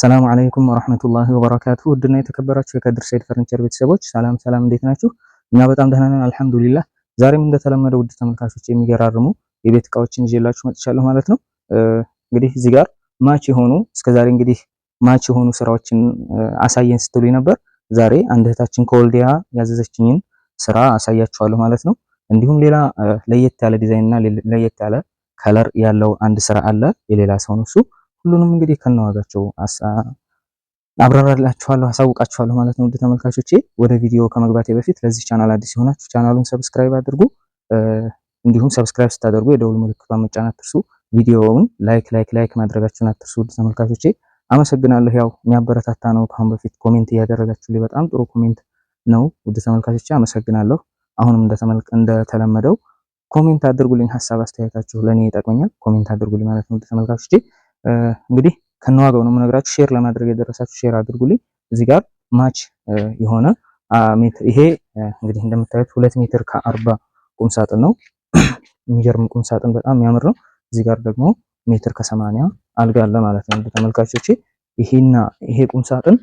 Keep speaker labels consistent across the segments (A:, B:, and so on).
A: ሰላም አለይኩም ወራህመቱላሂ ወበረካቱ። ውድና የተከበራችሁ የከድር ሰይድ ፈርኒቸር ቤተሰቦች ሰላም ሰላም፣ እንዴት ናችሁ? እኛ በጣም ደህና ነን አልሐምዱሊላህ። ዛሬም እንደተለመደው ውድ ተመልካቾች የሚገራርሙ የቤት እቃዎችን ይዤላችሁ መጥቻለሁ ማለት ነው። እንግዲህ እዚህ ጋር ማች የሆኑ እስከዛሬ እንግዲህ ማች የሆኑ ስራዎችን አሳየን ስትሉ ነበር። ዛሬ አንድ እህታችን ከወልዲያ ያዘዘችኝን ስራ አሳያችኋለሁ ማለት ነው። እንዲሁም ሌላ ለየት ያለ ዲዛይንና ለየት ያለ ከለር ያለው አንድ ስራ አለ የሌላ ሰው ነው እሱ ሁሉንም እንግዲህ ከነዋጋቸው አብራራላችኋለሁ አሳውቃችኋለሁ ማለት ነው። ውድ ተመልካቾቼ ወደ ቪዲዮ ከመግባቴ በፊት ለዚህ ቻናል አዲስ የሆናችሁ ቻናሉን ሰብስክራይብ አድርጉ። እንዲሁም ሰብስክራይብ ስታደርጉ የደውል ምልክቷን መጫን አትርሱ። ቪዲዮውን ላይክ ላይክ ላይክ ማድረጋችሁን አትርሱ። ውድ ተመልካቾቼ አመሰግናለሁ። ያው የሚያበረታታ ነው። ከአሁን በፊት ኮሜንት እያደረጋችሁ በጣም ጥሩ ኮሜንት ነው። ውድ ተመልካቾቼ አመሰግናለሁ። አሁንም እንደተለመደው ኮሜንት አድርጉልኝ። ሀሳብ አስተያየታችሁ ለእኔ ይጠቅመኛል። ኮሜንት አድርጉልኝ ማለት ነው። ውድ ተመልካቾቼ እንግዲህ ከነዋጋው ነው የምነግራችሁ። ሼር ለማድረግ የደረሳችሁ ሼር አድርጉልኝ። እዚህ ጋር ማች የሆነ ይሄ እንግዲህ እንደምታዩት ሁለት ሜትር ከአርባ ቁም ሳጥን ነው። የሚገርም ቁም ሳጥን በጣም የሚያምር ነው። እዚህ ጋር ደግሞ ሜትር ከሰማንያ አልጋ አለ ማለት ነው። ተመልካቾቼ ይሄና ይሄ ቁም ሳጥን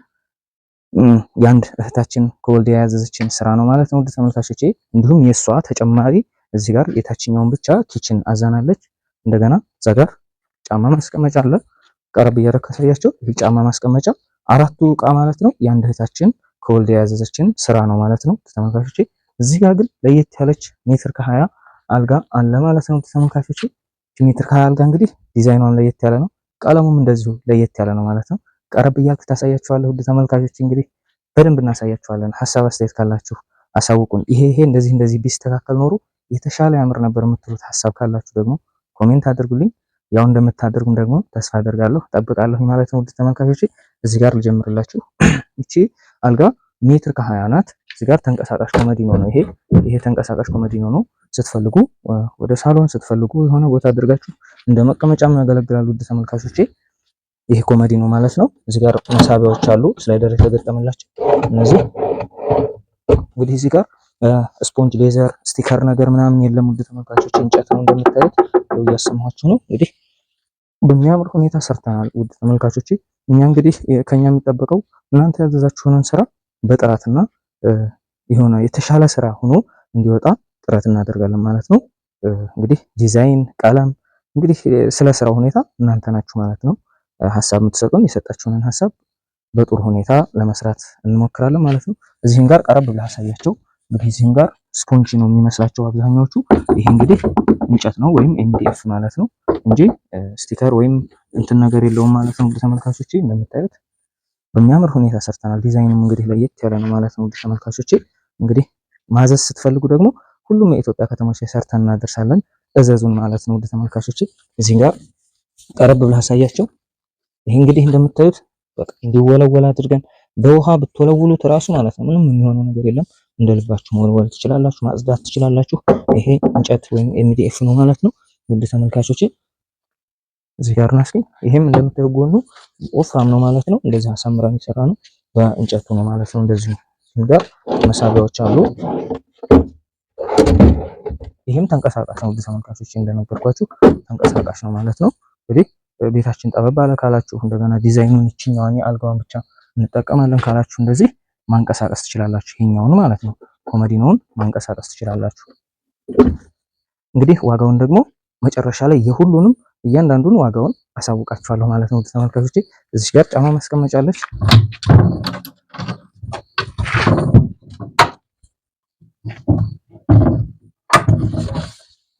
A: የአንድ እህታችን ከወልዲያ ያዘዘችን ስራ ነው ማለት ነው። ተመልካቾቼ እንዲሁም የእሷ ተጨማሪ እዚህ ጋር የታችኛውን ብቻ ኪችን አዛናለች። እንደገና እዛ ጋር ጫማ ማስቀመጫ አለ። ቀረብ እያደረግ ካሳያቸው ይህ ጫማ ማስቀመጫ አራቱ እቃ ማለት ነው። የአንድ እህታችን ከወልድ የያዘዘችን ስራ ነው ማለት ነው ተመልካቾች እዚህ ጋር ግን ለየት ያለች ሜትር ከሀያ አልጋ አለ ማለት ነው ተመልካቾች ሜትር ከሀያ አልጋ እንግዲህ ዲዛይኗን ለየት ያለ ነው። ቀለሙም እንደዚሁ ለየት ያለ ነው ማለት ነው። ቀረብ እያልክ ታሳያችኋለሁ ውድ ተመልካቾች እንግዲህ በደንብ እናሳያችኋለን። ሀሳብ አስተያየት ካላችሁ አሳውቁን። ይሄ ይሄ እንደዚህ እንደዚህ ቢስተካከል ኖሮ የተሻለ ያምር ነበር የምትሉት ሀሳብ ካላችሁ ደግሞ ኮሜንት አድርጉልኝ። ያው እንደምታደርጉም ደግሞ ተስፋ አደርጋለሁ ጠብቃለሁ ማለት ነው። ውድ ተመልካቾች እዚህ ጋር ልጀምርላችሁ። እቺ አልጋ ሜትር ከሀያ ናት። እዚህ ጋር ተንቀሳቃሽ ኮመዲኖ ነው ይሄ ይሄ ተንቀሳቃሽ ኮመዲኖ ነው። ስትፈልጉ ወደ ሳሎን ስትፈልጉ የሆነ ቦታ አድርጋችሁ እንደ መቀመጫም ያገለግላሉ። ውድ ተመልካቾቼ ይሄ ኮመዲኖ ማለት ነው። እዚህ ጋር መሳቢያዎች አሉ፣ ስላይደር የተገጠመላቸው እነዚህ እንግዲህ እዚህ ጋር ስፖንጅ፣ ሌዘር፣ ስቲከር ነገር ምናምን የለም። ውድ ተመልካቾች እንጨት ነው እንደምታዩት፣ እያሰማችሁ ነው እንግዲህ በሚያምር ሁኔታ ሰርተናል። ውድ ተመልካቾች እኛ እንግዲህ ከኛ የሚጠበቀው እናንተ ያዘዛችሁንን ስራ በጥራትና የሆነ የተሻለ ስራ ሆኖ እንዲወጣ ጥረት እናደርጋለን ማለት ነው። እንግዲህ ዲዛይን፣ ቀለም እንግዲህ ስለ ስራ ሁኔታ እናንተ ናችሁ ማለት ነው ሀሳብ የምትሰጡን። የሰጣችሁንን ሀሳብ በጥሩ ሁኔታ ለመስራት እንሞክራለን ማለት ነው። እዚህም ጋር ቀረብ ብላ አሳያቸው ከዚህም ጋር ስፖንጅ ነው የሚመስላቸው አብዛኛዎቹ። ይሄ እንግዲህ እንጨት ነው ወይም ኤምዲኤፍ ማለት ነው እንጂ ስቲከር ወይም እንትን ነገር የለውም ማለት ነው። ተመልካቾች እንደምታዩት በሚያምር ሁኔታ ሰርተናል። ዲዛይንም እንግዲህ ለየት ያለ ነው ማለት ነው። ተመልካቾች እንግዲህ ማዘዝ ስትፈልጉ ደግሞ ሁሉም የኢትዮጵያ ከተሞች ላይ ሰርተን እናደርሳለን። እዘዙን ማለት ነው። ተመልካቾች እዚህ ጋር ቀረብ ብለህ ያሳያቸው። ይሄ እንግዲህ እንደምታዩት በቃ እንዲወለወል አድርገን በውሃ ብትወለውሉት እራሱ ማለት ነው ምንም የሚሆነው ነገር የለም። እንደ ልባችሁ መወልወል ትችላላችሁ፣ ማጽዳት ትችላላችሁ። ይሄ እንጨት ወይም ኤምዲኤፍ ነው ማለት ነው። ውድ ተመልካቾች እዚህ ጋር ናስኪ፣ ይሄም እንደምታዩ ጎኑ ወፍራም ነው ማለት ነው። እንደዚህ አሳምራ የሚሰራ ነው በእንጨቱ ነው ማለት ነው። እንደዚህ ጋር መሳቢያዎች አሉ። ይህም ተንቀሳቃሽ ነው። ውድ ተመልካቾች እንደነገርኳችሁ ተንቀሳቃሽ ነው ማለት ነው። እንግዲህ ቤታችን ጠበብ አለ ካላችሁ እንደገና ዲዛይኑን ይችኛዋን አልጋውን ብቻ እንጠቀማለን ካላችሁ እንደዚህ ማንቀሳቀስ ትችላላችሁ። ይሄኛውን ማለት ነው ኮመዲኖውን ማንቀሳቀስ ትችላላችሁ። እንግዲህ ዋጋውን ደግሞ መጨረሻ ላይ የሁሉንም እያንዳንዱን ዋጋውን አሳውቃችኋለሁ ማለት ነው ተመልካቾቼ። እዚች ጋር ጫማ ማስቀመጫለች።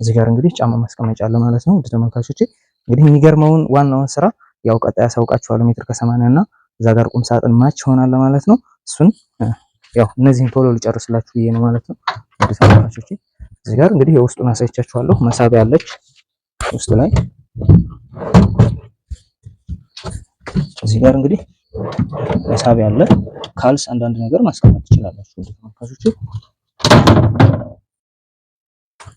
A: እዚህ ጋር እንግዲህ ጫማ ማስቀመጫ አለ ማለት ነው ተመልካቾቼ። እንግዲህ የሚገርመውን ዋናውን ስራ ያው ቀጣይ አሳውቃችኋለሁ። ሜትር ከሰማንያ እና እዛ ጋር ቁም ሳጥን ማች ይሆናል ማለት ነው። እሱን ያው እነዚህን ቶሎ ልጨርስላችሁ ብዬ ነው ማለት ነው። ተመልካቾች እዚህ ጋር እንግዲህ የውስጡን አሳይቻችኋለሁ። መሳቢያ አለች ውስጡ ላይ እዚህ ጋር እንግዲህ መሳቢያ አለ። ካልስ አንዳንድ ነገር ማስቀመጥ ትችላላችሁ። ወደ ተመልካቾች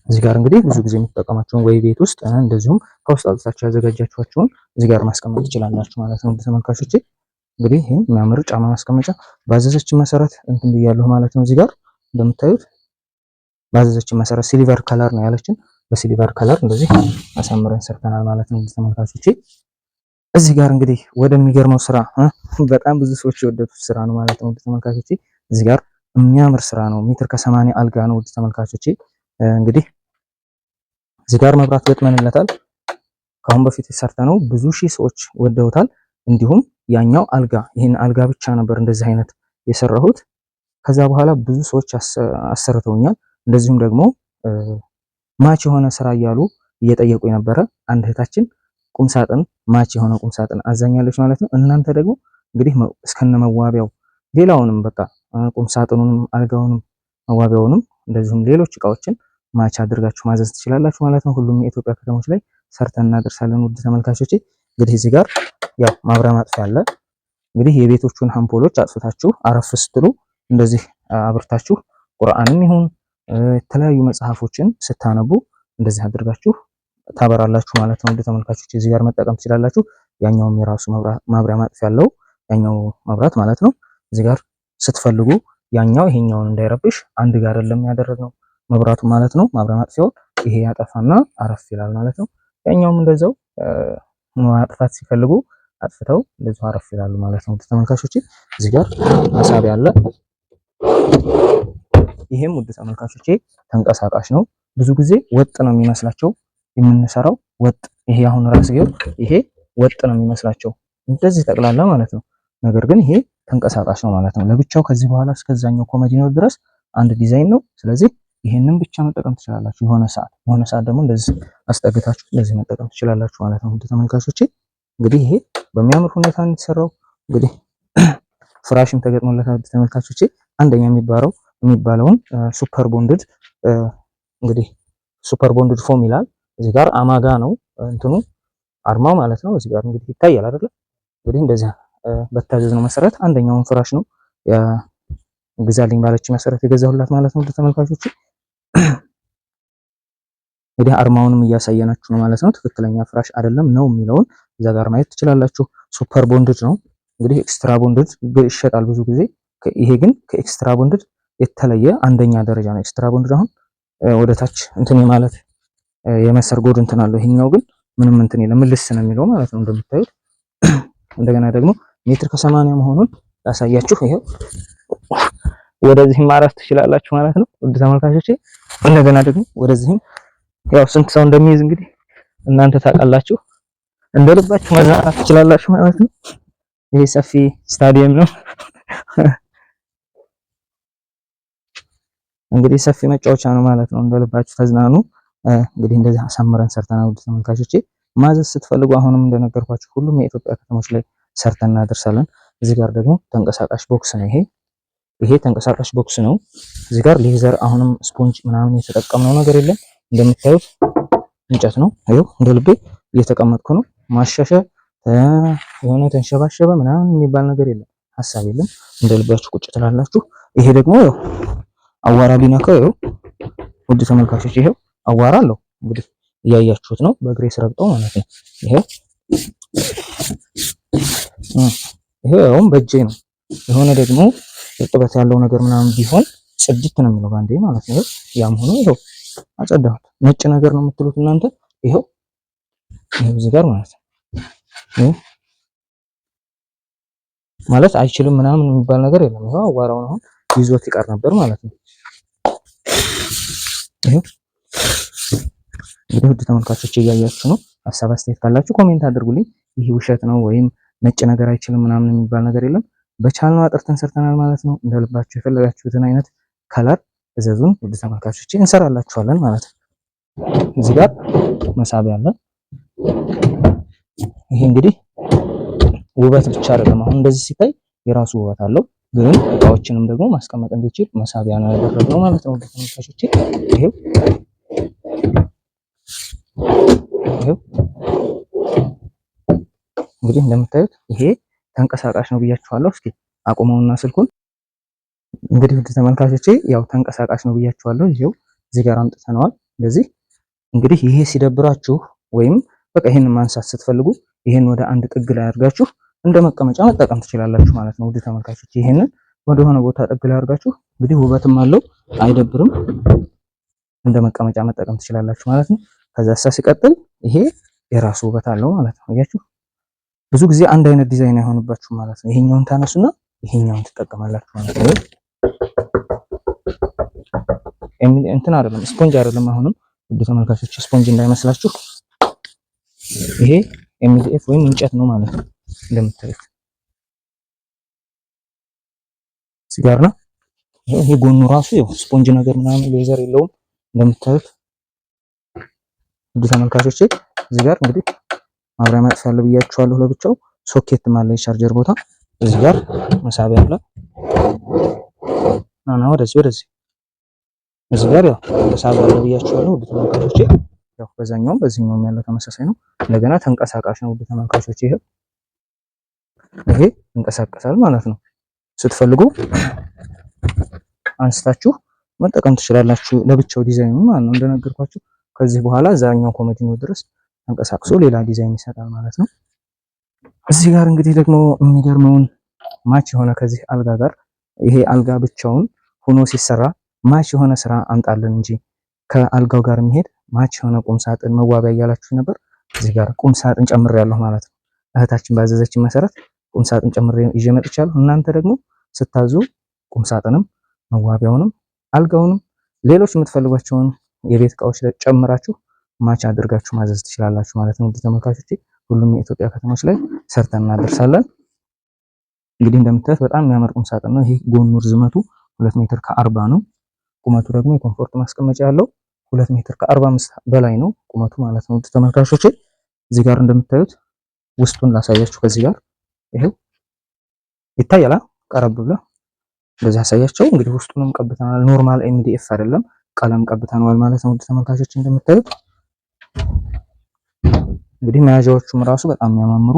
A: እዚህ ጋር እንግዲህ ብዙ ጊዜ የምትጠቀማቸውን ወይ ቤት ውስጥ እንደዚሁም ከውስጥ አውጥታችሁ ያዘጋጃችኋቸውን እዚህ ጋር ማስቀመጥ ትችላላችሁ ማለት ነው። ተመልካቾች እንግዲህ ይህም የሚያምር ጫማ ማስቀመጫ ባዘዘችን መሰረት እንትን ብያለሁ ማለት ነው። እዚህ ጋር እንደምታዩት ባዘዘችን መሰረት ሲሊቨር ከለር ነው ያለችን። በሲሊቨር ከለር እንደዚህ አሳምረን ሰርተናል ማለት ነው። ተመልካቾች እዚህ ጋር እንግዲህ ወደሚገርመው ስራ በጣም ብዙ ሰዎች የወደዱት ስራ ነው ማለት ነው። ተመልካቾቼ እዚህ ጋር የሚያምር ስራ ነው። ሜትር ከሰማንያ አልጋ ነው። ተመልካቾች እንግዲህ እዚህ ጋር መብራት ገጥመንለታል። ከአሁን በፊት ሰርተ ነው ብዙ ሺህ ሰዎች ወደውታል። እንዲሁም ያኛው አልጋ ይህን አልጋ ብቻ ነበር እንደዚህ አይነት የሰራሁት። ከዛ በኋላ ብዙ ሰዎች አሰርተውኛል። እንደዚሁም ደግሞ ማች የሆነ ስራ እያሉ እየጠየቁ የነበረ አንድ እህታችን ቁም ሳጥን ማች የሆነ ቁም ሳጥን አዛኛለች ማለት ነው። እናንተ ደግሞ እንግዲህ እስከነ መዋቢያው ሌላውንም በቃ ቁም ሳጥኑንም አልጋውንም መዋቢያውንም እንደዚሁም ሌሎች እቃዎችን ማች አድርጋችሁ ማዘዝ ትችላላችሁ ማለት ነው። ሁሉም የኢትዮጵያ ከተሞች ላይ ሰርተን እናደርሳለን። ውድ ተመልካቾቼ እንግዲህ እዚህ ጋር ያው ማብሪያ ማጥፊያ አለ። እንግዲህ የቤቶቹን አምፖሎች አጥፍታችሁ አረፍ ስትሉ እንደዚህ አብርታችሁ ቁርአንም ይሁን የተለያዩ መጽሐፎችን ስታነቡ እንደዚህ አድርጋችሁ ታበራላችሁ ማለት ነው። ተመልካቾች እዚህ ጋር መጠቀም ትችላላችሁ። ያኛውም የራሱ ማብሪያ ማጥፊያ አለው፣ ያኛው መብራት ማለት ነው። እዚህ ጋር ስትፈልጉ ያኛው ይሄኛውን እንዳይረብሽ አንድ ጋር አይደለም ያደረግነው መብራቱ ማለት ነው። ማብሪያ ማጥፊያው ይሄ ያጠፋና አረፍ ይላል ማለት ነው። ያኛውም እንደዛው ማጥፋት ሲፈልጉ አጥፍተው እንደዚሁ አረፍ ይላሉ ማለት ነው። ተመልካቾች እዚህ ጋር መሳቢ አለ። ይሄም ውድ ተመልካቾቼ ተንቀሳቃሽ ነው። ብዙ ጊዜ ወጥ ነው የሚመስላቸው የምንሰራው ወጥ ይሄ አሁን ራስጌው ይሄ ወጥ ነው የሚመስላቸው እንደዚህ ጠቅላላ ማለት ነው። ነገር ግን ይሄ ተንቀሳቃሽ ነው ማለት ነው ለብቻው ከዚህ በኋላ እስከዛኛው ኮመዲኖ ድረስ አንድ ዲዛይን ነው። ስለዚህ ይሄንን ብቻ መጠቀም ትችላላችሁ። የሆነ ሰዓት የሆነ ሰዓት ደግሞ እንደዚህ አስጠግታችሁ እንደዚህ መጠቀም ትችላላችሁ ማለት ነው። ውድ ተመልካቾቼ እንግዲህ ይሄ በሚያምር ሁኔታ ነው የተሰራው። እንግዲህ ፍራሽም ተገጥሞለታል። ተመልካቾቼ አንደኛ የሚባለው የሚባለውን ሱፐር ቦንድድ እንግዲህ ሱፐር ቦንድድ ፎም ይላል። እዚህ ጋር አማጋ ነው እንትኑ አርማው ማለት ነው። እዚህ ጋር እንግዲህ ይታያል አይደለ? እንግዲህ እንደዚህ በታዘዝ ነው መሰረት አንደኛውን ፍራሽ ነው ግዛልኝ ባለች መሰረት የገዛሁላት ማለት ነው ተመልካቾቼ እንግዲህ አርማውንም እያሳየናችሁ ነው ማለት ነው። ትክክለኛ ፍራሽ አይደለም ነው የሚለውን እዛ ጋር ማየት ትችላላችሁ። ሱፐር ቦንድድ ነው እንግዲህ ኤክስትራ ቦንድድ ይሸጣል ብዙ ጊዜ። ይሄ ግን ከኤክስትራ ቦንድድ የተለየ አንደኛ ደረጃ ነው። ኤክስትራ ቦንድድ አሁን ወደ ታች እንትን ማለት ጎድ እንትን አለው። ይሄኛው ግን ምንም እንትን የለም ልስ ነው የሚለው ማለት ነው እንደምታዩት። እንደገና ደግሞ ሜትር ከሰማንያ መሆኑን ላሳያችሁ። ይሄው ወደዚህም ማረፍ ትችላላችሁ ማለት ነው ውድ ተመልካቾች። እንደገና ደግሞ ወደዚህም ያው ስንት ሰው እንደሚይዝ እንግዲህ እናንተ ታውቃላችሁ። እንደልባችሁ መዝናናት ትችላላችሁ ማለት ነው። ይሄ ሰፊ ስታዲየም ነው እንግዲህ ሰፊ መጫወቻ ነው ማለት ነው። እንደልባችሁ ተዝናኑ። እንግዲህ እንደዚህ አሳምረን ሰርተናል። ውድ ተመልካቾቼ ማዘዝ ስትፈልጉ አሁንም እንደነገርኳችሁ ሁሉም የኢትዮጵያ ከተሞች ላይ ሰርተን እናደርሳለን። እዚህ ጋር ደግሞ ተንቀሳቃሽ ቦክስ ነው ይሄ ይሄ ተንቀሳቃሽ ቦክስ ነው። እዚህ ጋር ሌዘር አሁንም ስፖንጅ ምናምን የተጠቀምነው ነገር የለም። እንደምታዩት እንጨት ነው። አዩ እንደ ልቤ እየተቀመጥኩ ነው። ማሻሻ የሆነ ተንሸባሸበ ምናምን የሚባል ነገር የለም፣ ሀሳብ የለም። እንደ ልባችሁ ቁጭ ትላላችሁ። ይሄ ደግሞ ያው አዋራ ቢነካው ው ውድ ተመልካቾች ይሄው አዋራ አለው እንግዲህ እያያችሁት ነው። በእግሬ ስረግጠው ማለት ነው። ይሄ ይሄ ያውም በእጄ ነው። የሆነ ደግሞ እርጥበት ያለው ነገር ምናምን ቢሆን ጽድት ነው የሚለው ባንዴ ማለት ነው። ያም ሆኖ ይሄው አጸዳሁት። ነጭ ነገር ነው የምትሉት እናንተ። ይኸው እዚህ ጋር ማለት ነው ማለት አይችልም ምናምን የሚባል ነገር የለም። ይኸው አዋራውን አሁን ይዞት ይቀር ነበር ማለት ነው። ይኸው እንግዲህ ውድ ተመልካቾች እያያችሁ ነው። ሀሳብ አስተያየት ካላችሁ ኮሜንት አድርጉልኝ። ይህ ውሸት ነው ወይም ነጭ ነገር አይችልም ምናምን የሚባል ነገር የለም። በቻልነው አጥርተን ሰርተናል ማለት ነው። እንደልባችሁ የፈለጋችሁትን አይነት ከለር እዘዙን ውድ ተመልካቾች፣ እንሰራላችኋለን ማለት ነው። እዚህ ጋር መሳቢያ አለ። ይሄ እንግዲህ ውበት ብቻ አይደለም። አሁን እንደዚህ ሲታይ የራሱ ውበት አለው፣ ግን እቃዎችንም ደግሞ ማስቀመጥ እንዲችል መሳቢያ ነው ያደረግነው ማለት ነው። ተመልካቾች፣ ይሄው ይሄው እንግዲህ እንደምታዩት ይሄ ተንቀሳቃሽ ነው ብያችኋለሁ። እስኪ አቁመውና ስልኩን እንግዲህ ውድ ተመልካቾቼ ያው ተንቀሳቃሽ ነው ብያችኋለሁ። ይሄው እዚህ ጋር አምጥተነዋል። እንደዚህ እንግዲህ ይሄ ሲደብራችሁ ወይም በቃ ይሄንን ማንሳት ስትፈልጉ ይሄን ወደ አንድ ጥግ ላይ አድርጋችሁ እንደ መቀመጫ መጠቀም ትችላላችሁ ማለት ነው። ውድ ተመልካቾቼ ይሄንን ወደሆነ ቦታ ጥግ ላይ አድርጋችሁ እንግዲህ ውበትም አለው አይደብርም፣ እንደ መቀመጫ መጠቀም ትችላላችሁ ማለት ነው። ከዛ ሳ ሲቀጥል ይሄ የራሱ ውበት አለው ማለት ነው። አያችሁ ብዙ ጊዜ አንድ አይነት ዲዛይን አይሆንባችሁ ማለት ነው። ይሄኛውን ታነሱና ይሄኛውን ትጠቀማላችሁ ማለት ነው። እንትን አይደለም፣ ስፖንጅ አይደለም። አሁንም ውድ ተመልካቾች ስፖንጅ እንዳይመስላችሁ ይሄ ኤምዲኤፍ ወይም እንጨት ነው ማለት ነው። እንደምታዩት ሲጋር ነው ይሄ። ጎኑ ራሱ ያው ስፖንጅ ነገር ምናምን ሌዘር የለውም እንደምታዩት ውድ ተመልካቾች። እዚህ ጋር እንግዲህ ማብሪያ ማጥፊያ አለ ብያችኋለሁ። ለብቻው ሶኬት ማለት የቻርጀር ቦታ እዚህ ጋር መሳቢያ አለ። ና ወደዚህ ወደዚህ እዚህ ጋር ያው ሳዝ አለ ብያችኋለሁ ውድ ተመልካቾቼ። ያው በዛኛውም በዚህኛውም ያለው ተመሳሳይ ነው። እንደገና ተንቀሳቃሽ ነው ውድ ተመልካቾች ይሄ ይሄ ይንቀሳቀሳል ማለት ነው። ስትፈልጉ አንስታችሁ መጠቀም ትችላላችሁ። ለብቻው ዲዛይኑ ማለት ነው እንደነገርኳችሁ። ከዚህ በኋላ እዛኛው ኮመዲኖ ድረስ ተንቀሳቅሶ ሌላ ዲዛይን ይሰጣል ማለት ነው። እዚህ ጋር እንግዲህ ደግሞ የሚገርመውን ማች የሆነ ከዚህ አልጋ ጋር ይሄ አልጋ ብቻውን ሆኖ ሲሰራ ማች የሆነ ስራ አምጣልን እንጂ ከአልጋው ጋር የሚሄድ ማች የሆነ ቁም ሳጥን መዋቢያ እያላችሁ ነበር። እዚህ ጋር ቁም ሳጥን ያለሁ ማለት ነው። እህታችን ባዘዘችን መሰረት ቁም ሳጥን ጨምሬ ይዤ መጥቻለሁ። እናንተ ደግሞ ስታዙ ቁም ሳጥንም መዋቢያውንም አልጋውንም ሌሎች የምትፈልጓቸውን የቤት እቃዎች ጨምራችሁ ማች አድርጋችሁ ማዘዝ ትችላላችሁ ማለት ነው። ተመልካቾች ሁሉም የኢትዮጵያ ከተሞች ላይ ሰርተን እናደርሳለን። እንግዲህ እንደምታዩት በጣም የሚያምር ቁም ሳጥን ነው። ይሄ ጎኑ ርዝመቱ 2 ሜትር ከ40 ነው። ቁመቱ ደግሞ የኮንፎርት ማስቀመጫ ያለው 2 ሜትር ከ45 በላይ ነው ቁመቱ ማለት ነው። ተመልካቾች እዚህ ጋር እንደምታዩት ውስጡን ላሳያችሁ። ከዚህ ጋር ይሄው ይታያል ቀረብ ብለ በዚህ ያሳያቸው እንግዲህ ውስጡንም ቀብተናል። ኖርማል ኤምዲኤፍ አይደለም ቀለም ቀብተናል ማለት ነው። ተመልካቾች እንደምታዩት እንግዲህ መያዣዎቹም ራሱ በጣም የሚያማምሩ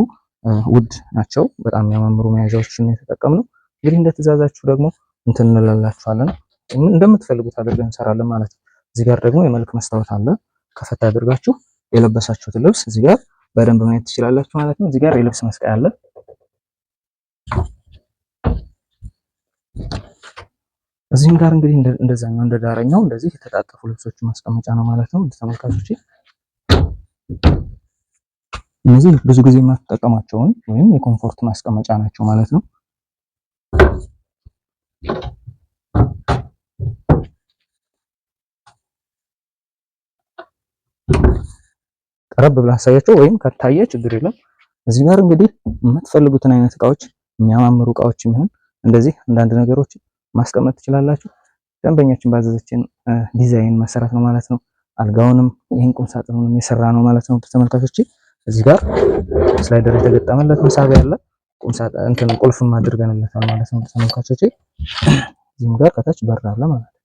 A: ውድ ናቸው። በጣም የሚያማምሩ መያዣዎችን የተጠቀምነው እንግዲህ እንደ ትእዛዛችሁ ደግሞ እንትን እንላላችኋለን። እንደምትፈልጉት አድርገን እንሰራለን ማለት ነው። እዚህ ጋር ደግሞ የመልክ መስታወት አለ። ከፈታ አድርጋችሁ የለበሳችሁትን ልብስ እዚህ ጋር በደንብ ማየት ትችላላችሁ ማለት ነው። እዚህ ጋር የልብስ መስቀያ አለ። እዚህም ጋር እንግዲህ እንደዛኛው እንደዳረኛው እንደዚህ የተጣጠፉ ልብሶች ማስቀመጫ ነው ማለት ነው። ተመልካቾቼ እነዚህ ብዙ ጊዜ የማትጠቀማቸውን ወይም የኮምፎርት ማስቀመጫ ናቸው ማለት ነው። ቀረብ ብላ አሳያቸው ወይም ከታየ ችግር የለም። እዚህ ጋር እንግዲህ የምትፈልጉትን አይነት እቃዎች የሚያማምሩ እቃዎች የሚሆን እንደዚህ አንዳንድ ነገሮችን ማስቀመጥ ትችላላችሁ። ደንበኛችን ባዘዘችን ዲዛይን መሰረት ነው ማለት ነው። አልጋውንም ይህን ቁምሳጥኑንም የሰራ ነው ማለት ነው ተመልካቾች እዚህ ጋር ስላይደር የተገጠመለት መሳቢያ አለ። እንትን ቁልፍም አድርገንለታል ማለት ነው ተመልካቾቼ። እዚህም ጋር ከታች በር አለ ማለት ነው።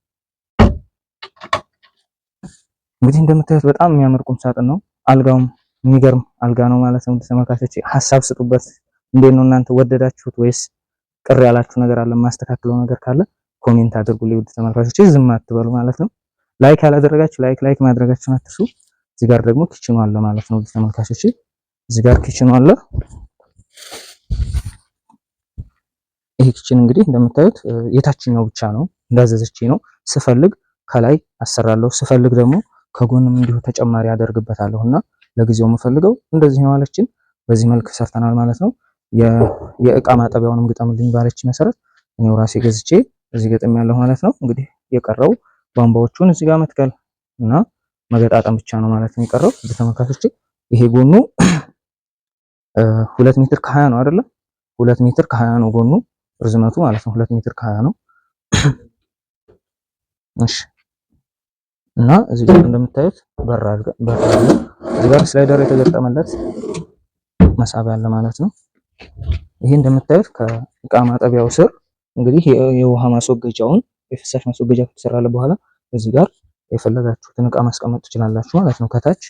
A: እንግዲህ እንደምታዩት በጣም የሚያምር ቁም ሳጥን ነው። አልጋውም የሚገርም አልጋ ነው ማለት ነው ተመልካቾቼ። ሀሳብ ስጡበት። እንዴት ነው እናንተ ወደዳችሁት ወይስ ቅር ያላችሁ ነገር አለ? የማስተካክለው ነገር ካለ ኮሜንት አድርጉልኝ ውድ ተመልካቾች ዝም አትበሉ ማለት ነው። ላይክ ያላደረጋችሁ ላይክ ላይክ ማድረጋችሁን አትርሱ። እዚህ ጋር ደግሞ ኪችኑ አለ ማለት ነው ተመልካቾች። እዚህ ጋር ኪችኑ አለ። ይሄ ኪችን እንግዲህ እንደምታዩት የታችኛው ብቻ ነው እንዳዘዘች ነው። ስፈልግ ከላይ አሰራለሁ፣ ስፈልግ ደግሞ ከጎንም እንዲሁ ተጨማሪ አደርግበታለሁ እና ለጊዜው የምፈልገው እንደዚህ ነው አለችን። በዚህ መልክ ሰርተናል ማለት ነው። የእቃ ማጠቢያውንም ግጠምልኝ ባለች መሰረት እኔው ራሴ ገዝቼ እዚህ ገጥም ያለሁ ማለት ነው። እንግዲህ የቀረው ቧንቧዎቹን እዚህ ጋር መትከል እና መገጣጠም ብቻ ነው ማለት ነው የቀረው። በተመልካቾች ይሄ ጎኑ ሁለት ሜትር ከሀያ ነው አይደለም? ሁለት ሜትር ከሀያ ነው ጎኑ ርዝመቱ ማለት ነው። ሁለት ሜትር ከሀያ ነው። እሺ እና እዚህ ጋር እንደምታዩት በር አለ። እዚህ ጋር ስላይደር የተገጠመለት መሳቢያ አለ ማለት ነው። ይሄ እንደምታዩት ከእቃ ማጠቢያው ስር እንግዲህ የውሃ ማስወገጃውን የፍሳሽ ማስወገጃ ከተሰራለ በኋላ እዚህ ጋር የፈለጋችሁትን እቃ ማስቀመጥ ትችላላችሁ ማለት ነው። ከታች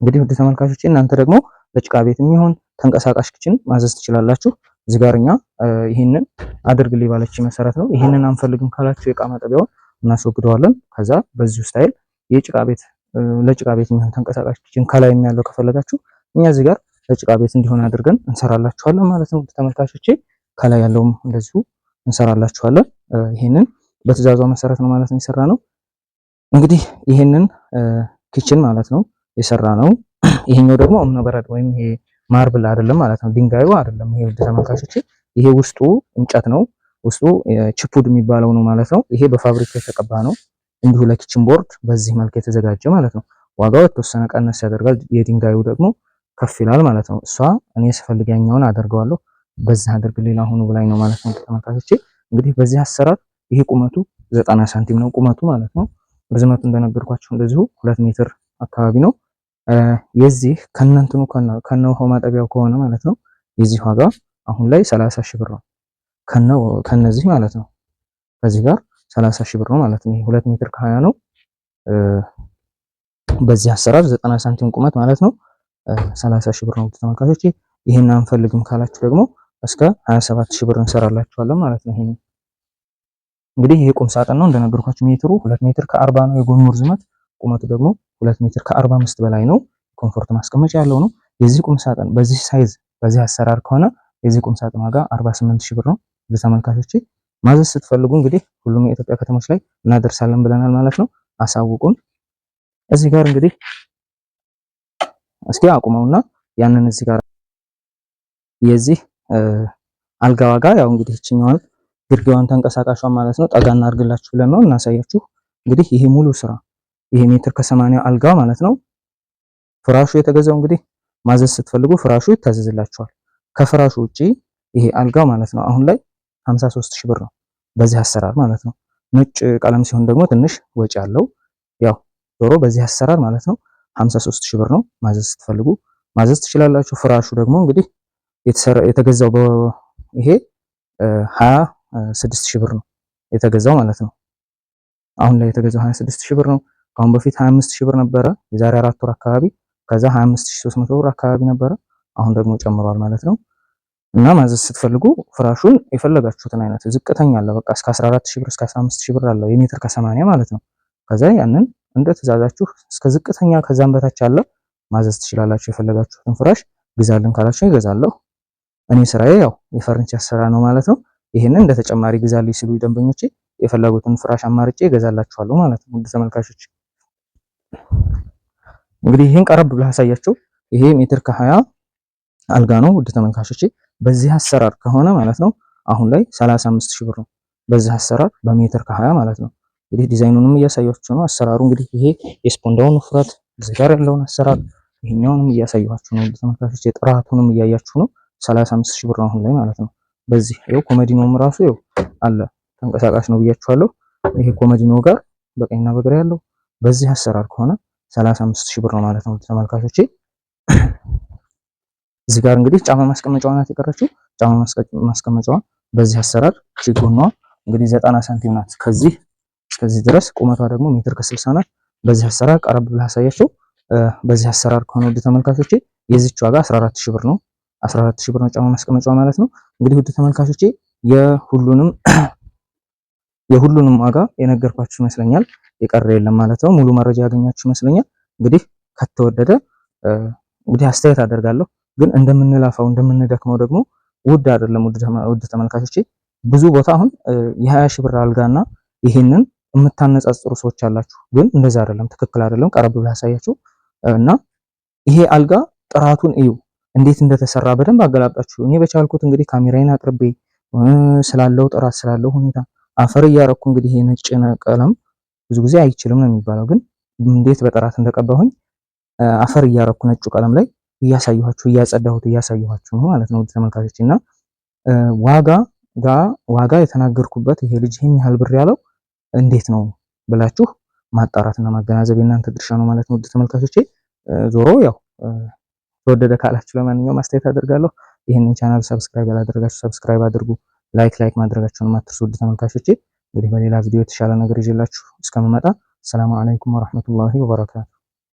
A: እንግዲህ ውድ ተመልካቾች እናንተ ደግሞ ለጭቃ ቤት የሚሆን ተንቀሳቃሽ ክችን ማዘዝ ትችላላችሁ። እዚህ ጋር እኛ ይህንን አድርግልኝ ባለች መሰረት ነው ይህንን አንፈልግም ካላችሁ የእቃ ማጠቢያውን እናስወግደዋለን። ከዛ በዚሁ ስታይል የጭቃ ቤት ለጭቃ ቤት የሚሆን ተንቀሳቃሽ ክችን ከላይ የሚያለው ከፈለጋችሁ እኛ እዚህ ጋር ለጭቃ ቤት እንዲሆን አድርገን እንሰራላችኋለን ማለት ነው። ተመልካቾቼ ከላይ ያለውም እንደዚሁ እንሰራላችኋለን። ይሄንን በትዕዛዟ መሰረት ነው ማለት ነው የሰራ ነው። እንግዲህ ይሄንን ኪችን ማለት ነው የሰራ ነው። ይሄኛው ደግሞ እምነበረድ ወይም ይሄ ማርብል አይደለም ማለት ነው። ድንጋዩ አይደለም ይሄ ውድ ተመልካቾቼ፣ ይሄ ውስጡ እንጨት ነው። ውስጡ ቺፑድ የሚባለው ነው ማለት ነው። ይሄ በፋብሪካ የተቀባ ነው። እንዲሁ ለኪችን ቦርድ በዚህ መልክ የተዘጋጀ ማለት ነው። ዋጋው የተወሰነ ቀነስ ያደርጋል። የድንጋዩ ደግሞ ከፍ ይላል ማለት ነው። እሷ እኔ ስፈልግ ያኛውን አደርገዋለሁ በዚህ አድርግ ሌላ ሆኖ ብላኝ ነው ማለት ነው። ተመልካቾቼ እንግዲህ በዚህ አሰራር ይሄ ቁመቱ ዘጠና ሳንቲም ነው ቁመቱ ማለት ነው። ርዝመቱ እንደነገርኳችሁ እንደዚሁ ሁለት ሜትር አካባቢ ነው። የዚህ ከነንትኑ ከነ ውሃው ማጠቢያው ከሆነ ማለት ነው የዚህ ዋጋ አሁን ላይ ሰላሳ ሺህ ብር ነው ከነዚህ ማለት ነው። ከዚህ ጋር ሰላሳ ሺህ ብር ነው ማለት ነው። ሁለት ሜትር ከሀያ ነው። በዚህ አሰራር ዘጠና ሳንቲም ቁመት ማለት ነው። ሰላሳ ሺህ ብር ነው ተመልካቾች። ይህን አንፈልግም ካላችሁ ደግሞ እስከ 27 ሺህ ብር እንሰራላችኋለን ማለት ነው። ይሄን እንግዲህ ይሄ ቁም ሳጥን ነው እንደነገርኳችሁ፣ ሜትሩ 2 ሜትር ከ40 ነው የጎኑ ርዝመት፣ ቁመቱ ደግሞ 2 ሜትር ከ45 በላይ ነው። ኮምፎርት ማስቀመጫ ያለው ነው። የዚህ ቁም ሳጥን በዚህ ሳይዝ በዚህ አሰራር ከሆነ የዚህ ቁም ሳጥን ዋጋ 48 ሺህ ብር ነው። ለተመልካቾች ማዘዝ ስትፈልጉ እንግዲህ ሁሉም የኢትዮጵያ ከተሞች ላይ እናደርሳለን ብለናል ማለት ነው። አሳውቁን። እዚህ ጋር እንግዲህ እስኪ አቁመውና ያንን እዚህ ጋር የዚህ አልጋ ዋጋ ያው እንግዲህ እችኛዋን ግርጌዋን ተንቀሳቃሿን ማለት ነው ጠጋ እናድርግላችሁ ብለን ነው እናሳያችሁ። እንግዲህ ይሄ ሙሉ ስራ ይሄ ሜትር ከሰማንያ አልጋ ማለት ነው። ፍራሹ የተገዛው እንግዲህ ማዘዝ ስትፈልጉ ፍራሹ ይታዘዝላችኋል። ከፍራሹ ውጪ ይሄ አልጋ ማለት ነው አሁን ላይ 53 ሺህ ብር ነው በዚህ አሰራር ማለት ነው። ነጭ ቀለም ሲሆን ደግሞ ትንሽ ወጪ አለው። ያው ዶሮ በዚህ አሰራር ማለት ነው 53 ሺህ ብር ነው። ማዘዝ ስትፈልጉ ማዘዝ ትችላላችሁ። ፍራሹ ደግሞ እንግዲህ የተገዛው ይሄ 26 ሺህ ብር ነው የተገዛው ማለት ነው። አሁን ላይ የተገዛው 26 ሺህ ብር ነው። ከአሁን በፊት 25 ሺህ ብር ነበረ የዛሬ አራት ወር አካባቢ። ከዛ 25300 ብር አካባቢ ነበረ። አሁን ደግሞ ጨምሯል ማለት ነው። እና ማዘዝ ስትፈልጉ ፍራሹን የፈለጋችሁትን አይነት ዝቅተኛ አለ በቃ እስከ 14000 ብር እስከ 15000 ብር አለው የሜትር ከ80 ማለት ነው። ከዛ ያንን እንደ ትእዛዛችሁ እስከ ዝቅተኛ ከዛም በታች ያለ ማዘዝ ትችላላችሁ። የፈለጋችሁትን ፍራሽ ግዛልን ካላችሁ ይገዛለሁ። እኔ ስራዬ ያው የፈርኒቸር ስራ ነው ማለት ነው። ይህንን እንደ ተጨማሪ ግዛልኝ ሲሉ ደንበኞቼ የፈለጉትን ፍራሽ አማርጬ ይገዛላችኋለሁ ማለት ነው። ውድ ተመልካቾች እንግዲህ ይህን ቀረብ ብላ አሳያችሁ። ይሄ ሜትር ከሀያ አልጋ ነው። ውድ ተመልካቾቼ በዚህ አሰራር ከሆነ ማለት ነው አሁን ላይ 35 ሺህ ብር ነው። በዚህ አሰራር በሜትር ከሀያ ማለት ነው። እንግዲህ ዲዛይኑንም እያሳያችሁ ነው። አሰራሩ እንግዲህ ይሄ የስፖንዳውን ውፍረት እዚህ ጋር ያለውን አሰራር ይሄኛውንም እያሳያችሁ ነው። ተመልካቾች የጥራቱንም እያያችሁ ነው። 35 ሺህ ብር አሁን ላይ ማለት ነው። በዚህ ይኸው ኮመዲኖም ራሱ ይኸው አለ ተንቀሳቃሽ ነው ብያችኋለሁ። ይሄ ኮመዲኖ ጋር በቀኝና በግራ ያለው በዚህ አሰራር ከሆነ 35 ሺህ ብር ነው ማለት ነው። ተመልካቾቼ እዚህ ጋር እንግዲህ ጫማ ማስቀመጫዋ ናት የቀረችው። ጫማ ማስቀመጫዋ በዚህ አሰራር ሲጎኗ እንግዲህ ዘጠና ሳንቲም ናት ከዚህ እስከዚህ ድረስ ቁመቷ ደግሞ ሜትር ከስልሳ ናት። በዚህ አሰራር ቀረብ ብላ አሳያቸው። በዚህ አሰራር ከሆነ ውድ ተመልካቾቼ የዚች ዋጋ 14 ሺህ ብር ነው። 14 ሺህ ብር ነው ጫማ ማስቀመጫ ማለት ነው። እንግዲህ ውድ ተመልካቾቼ የሁሉንም የሁሉንም ዋጋ የነገርኳችሁ ይመስለኛል። የቀረ የለም ማለት ነው። ሙሉ መረጃ ያገኛችሁ ይመስለኛል። እንግዲህ ከተወደደ እንግዲህ አስተያየት አደርጋለሁ። ግን እንደምንላፋው እንደምንደክመው ደግሞ ውድ አይደለም ውድ ተመልካቾቼ ብዙ ቦታ አሁን የ20 ሺህ ብር አልጋና ይሄንን የምታነጻጽሩ ሰዎች አላችሁ፣ ግን እንደዛ አይደለም፣ ትክክል አይደለም። ቀረብ ብላ ያሳያችሁ እና ይሄ አልጋ ጥራቱን እዩ እንዴት እንደተሰራ በደንብ አገላብጣችሁ። እኔ በቻልኩት እንግዲህ ካሜራዬን አቅርቤ ስላለው ጥራት ስላለው ሁኔታ አፈር እያረኩ እንግዲህ የነጭ ቀለም ብዙ ጊዜ አይችልም ነው የሚባለው፣ ግን እንዴት በጥራት እንደቀባሁኝ አፈር እያረኩ ነጩ ቀለም ላይ እያሳየኋችሁ እያጸዳሁት እያሳየኋችሁ ነው ማለት ነው ተመልካቾች እና ዋጋ ጋ ዋጋ የተናገርኩበት ይሄ ልጅ ይህን ያህል ብር ያለው እንዴት ነው ብላችሁ ማጣራትና ማገናዘብ የእናንተ ድርሻ ነው ማለት ነው። ውድ ተመልካቾቼ ዞሮ ያው ተወደደ ካላችሁ ለማንኛውም አስተያየት አደርጋለሁ። ይህንን ቻናል ሰብስክራይብ ያላደረጋችሁ ሰብስክራይብ አድርጉ። ላይክ ላይክ ማድረጋችሁን ማትርሱ። ውድ ተመልካቾቼ እንግዲህ በሌላ ቪዲዮ የተሻለ ነገር ይዤላችሁ እስከምመጣ ሰላም አለይኩም ወራህመቱላሂ ወበረካቱ።